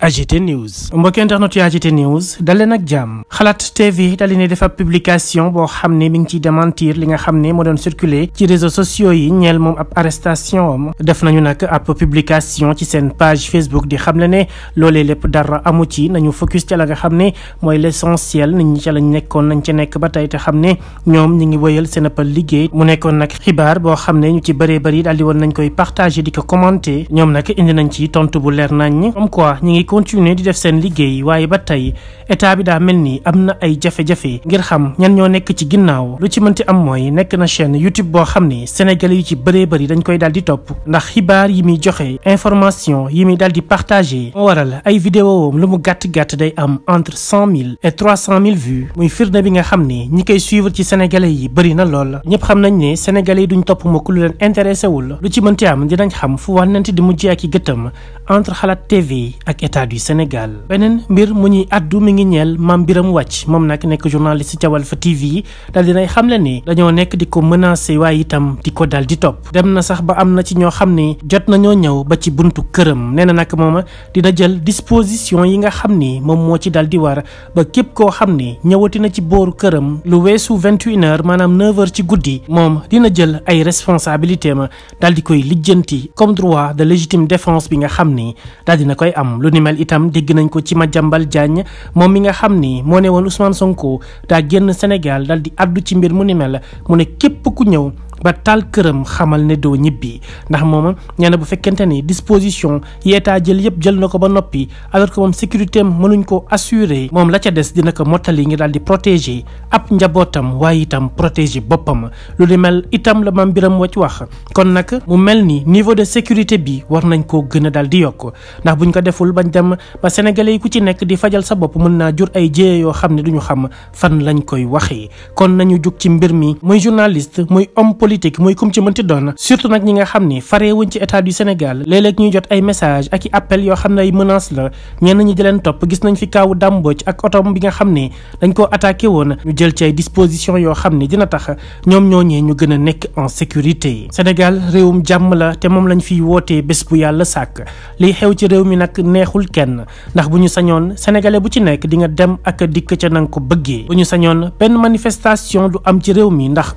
AGT News mbokki internet yu AGT News daleen ak jàmm xalaat TV dali ne def ab publication boo xam ne mi ngi ciy démentir li nga xam ne moo doon circuler ci réseaux sociaux yi ñeel moom ab arrestation def nañu nag ab publication seen page Facebook di xamle ne loolee lépp dara amu ci nañu focus la nga xam ne mooy l'essentiel nit ñi ca lañ nekkoon nañ ca nekk ba tey te xam ne ñoom ñu ngi wëyal seen ab liggéey mu nekkoon nag xibaar boo xam ne ñu ci bëree bëri daal di woon nañ koy partager di ko commenter ñoom nag indi nañ ci tontu bu leer nañ comme quoi ñi ngi continuer di def seen liggéey waaye ba tey état bi daa mel ni am na ay jafe-jafe ngir xam ñan ñoo nekk ci ginnaaw lu ci mënti am mooy nekk na chaîne YouTube boo xam ne sénégalais yu ci bëree bëri dañ koy di topp ndax xibaar yi muy joxe information yi muy daal di partagé moo waral ay vidéo am mu gàtt gàtt day am entre cent mille et trois cent mille vues bi nga xam ne ñi koy suivre ci sénégalais yi bëri na lool ñëpp xam nañ ne sénégalais yi duñ topp mukk lu leen intéressé wul lu ci mënti am dinañ xam fu wànnante di mujjee ak i gëttam entre xalaat TV ak état du Sénégal beneen mbir mu ñuy addu mi ngi ñeel Mame Birame wàcc moom nag nekk journaliste ca fa TV dal dinay xam le ne dañoo nekk di ko menacé waaye itam di ko dal di topp dem na sax ba am na ci ñoo xam ne jot nañoo ñëw ba ci buntu këram nee na nag mooma dina jël disposition yi nga xam ni moom moo ci dal di war ba képp koo xam ni ñëwati na ci booru këram lu weesu vingt et maanaam neuf heures ci guddi moom dina jël ay responsabilité ma dal di koy lijjanti comme ni daal koy am lu ni mel itam dégg nañ ko ci ma Madiambal Diagne moom mi nga xam ni moo ne woon Ousmane Sonko daa génn Sénégal daal di addu ci mbir mu ni mel mu ne képp ku ñëw ba taal këram xamal ne doo ñibbi ndax moom nee na bu fekkente ni disposition yi état jël yëpp jël na ko ba noppi alors que moom sécurité am mënuñ ko assurer moom la ca des dina ko mottali ngi daal di protéger ab njabootam waaye itam protéger boppam lu di mel itam la mam Birame Wathie wax kon nag mu mel ni niveau de sécurité bi war nañ koo gën a daal di yokk ndax buñ ko deful bañ dem ba sénégalais yi ku ci nekk di fajal sa bopp mën naa jur ay jéye yoo xam ne duñu xam fan lañ koy waxee kon ci mbir mi politique mooy kum ci mënti doon surtout nag ñi nga xam ni fareewuñ ci état du Sénégal léeg ñuy jot ay message ak i appel yoo xam ne ay menace la ñenn ñi di leen topp gis nañ fi kaawu dàmbooj ak otom bi nga xam ne dañ koo attaqué woon ñu jël ci ay disposition yoo xam ne dina tax ñoom ñooñee ñu gën a nekk en sécurité yi Sénégal réewum jàmm la te moom lañ fiy wootee bés bu yàlla sàkk li xew ci réew mi nag neexul kenn ndax bu ñu sañoon sénégalais bu ci nekk di nga dem ak dikk ca nanga ko bëggee bu ñu am ci réew mi ndax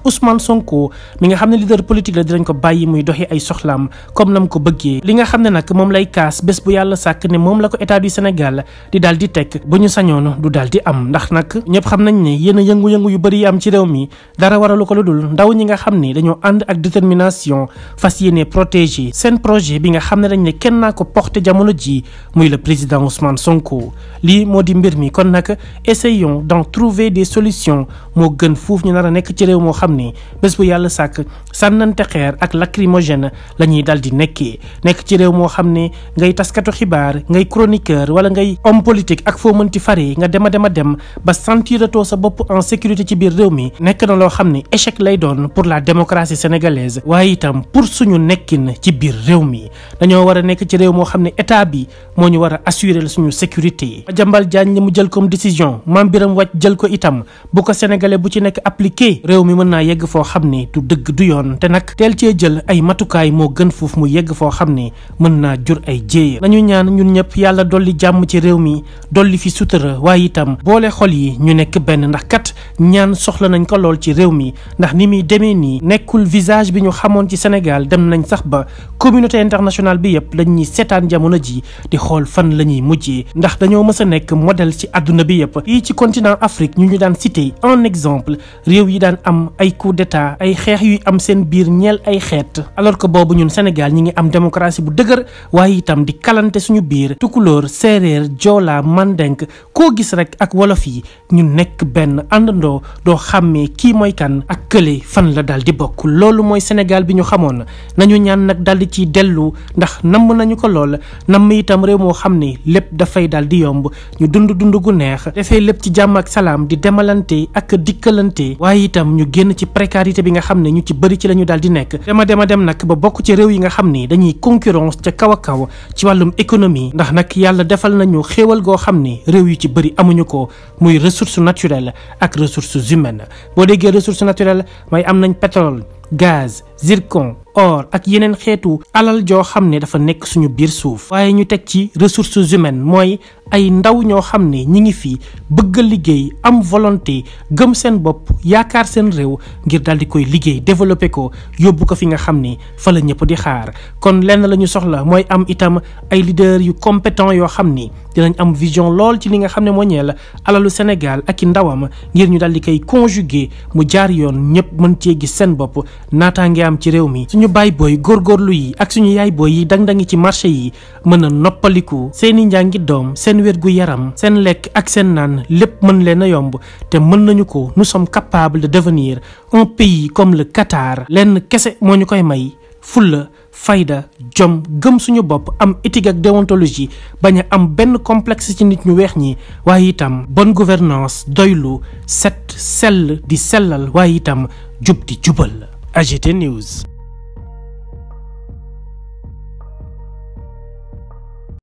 mi nga xam ne leader politique la dinañ ko bàyyi muy doxi ay soxlaam comme nam ko bëggee li nga xam ne nag moom lay kaas bés bu yàlla sàkk ne moom la ko état du Sénégal di daal di teg bu ñu sañoon du daal di am ndax nag ñëpp xam nañ ne yenn yëngu-yëngu yu bëri am ci réew mi dara waralu ko lu dul ndaw ñi nga xam ne dañoo ànd ak détermination fas yéene protéger seen projet bi nga xam ne dañ ne kenn naa ko porté jamono ji muy le président Ousmane Sonko lii moo di mbir mi kon nag essayons d'en trouver des moo gën fuuf ñu nar a nekk ci réew moo xam ne bés ak sànnante xeer ak lacrymogène la ñuy dal di nekkee nekk ci réew moo xam ne ngay taskatu xibaar ngay chroniqueur wala ngay homme politique ak foo mënti faree nga dem a dem a dem ba sentiratoo sa bopp en sécurité ci biir réew mi nekk na loo xam ne échec lay doon pour la démocratie sénégalaise waaye itam pour suñu nekkin ci biir réew mi dañoo war nekk ci réew moo xam ne état bi moo ñu war a assurer suñu sécurité. Madiambal Diagne li mu jël comme décision Mame Birame ko itam dëgg du yoon te nag teel cee jël ay matukaay moo gën foofu mu yegg foo xam ne mën naa jur ay jéeya nañu ñaan ñun ñëpp yàlla dolli jàmm ci réew mi dolli fi sutura waaye itam boole xol yi ñu nekk benn ndax kat ñaan soxla nañ ko lool ci réew mi ndax ni muy demee nii nekkul visage bi ñu xamoon ci Sénégal dem nañ sax ba communauté internationale bi yëpp lañ ñuy seetaan jamono ji di xool fan la ñuy mujjee ndax dañoo mës a nekk modèle ci àdduna bi yëpp fii ci continent Afrique ñu ñu daan cité en exemple réew yi yuy am seen biir ñeel ay xeet alors que boobu ñun Sénégal ñi ngi am démocratie bu dëgër waaye itam di kalante suñu biir tukulóor séeréer joola mandeng koo gis rek ak wolof yi ñu nekk benn àndandoo doo xàmmee kii mooy kan ak kële fan la daal di bokk loolu mooy Sénégal bi ñu xamoon nañu ñaan nag daal di ciy dellu ndax namm nañu ko lool namm itam réew moo xam ne lépp dafay daal di yomb ñu dund dund gu neex defee lépp ci jàmm ak salaam di demalante ak dikkalante ñu ci bëri ci la ñu di nekk dema dema dem nag ba bokk ci réew yi nga xam ni dañuy concurrence ca kaw a kaw ci wàllum économie ndax nag yàlla defal nañu xewal goo xam ni réew yu ci bëri amuñu ko muy ressource naturelle ak ressources humaines boo déggee ressource naturelle mooy am nañ pétrole gaz zircon or ak yeneen xeetu alal joo xam ne dafa nekk suñu biir suuf waaye ñu teg ci ressources humaines mooy ay ndaw ñoo xam ne ñi ngi fii bëgg liggéey am volonté gëm seen bopp yaakaar seen réew ngir daal di koy liggéey développé ko yóbbu ko fi nga xam ne fala la ñëpp di xaar kon lenn la ñu soxla mooy am itam ay leader yu compétent yoo xam ni dinañ am vision lool ci li nga xam ne moo ñeel alalu Sénégal ak i ndawam ngir ñu daal di koy conjuguer mu jaar yoon ñëpp mën cee gis seen bopp naataa naataange am ci réew mi suñu baay booy góorgóorlu yi ak suñu yaay booy yi dang dangi ci marché yi mën a noppaliku seeni njàngi doom seen seen wér gu yaram seen lekk ak seen naan lépp mën leen a yomb te mën nañu ko nous sommes capables de devenir un pays comme le Qatar lenn kese moo ñu koy may fulla fayda jom gëm suñu bopp am éthique ak déontologie bañ am benn complexe ci nit ñu weex ñi waaye itam bonne gouvernance doylu set sell di sellal waaye itam jub di jubal AGT News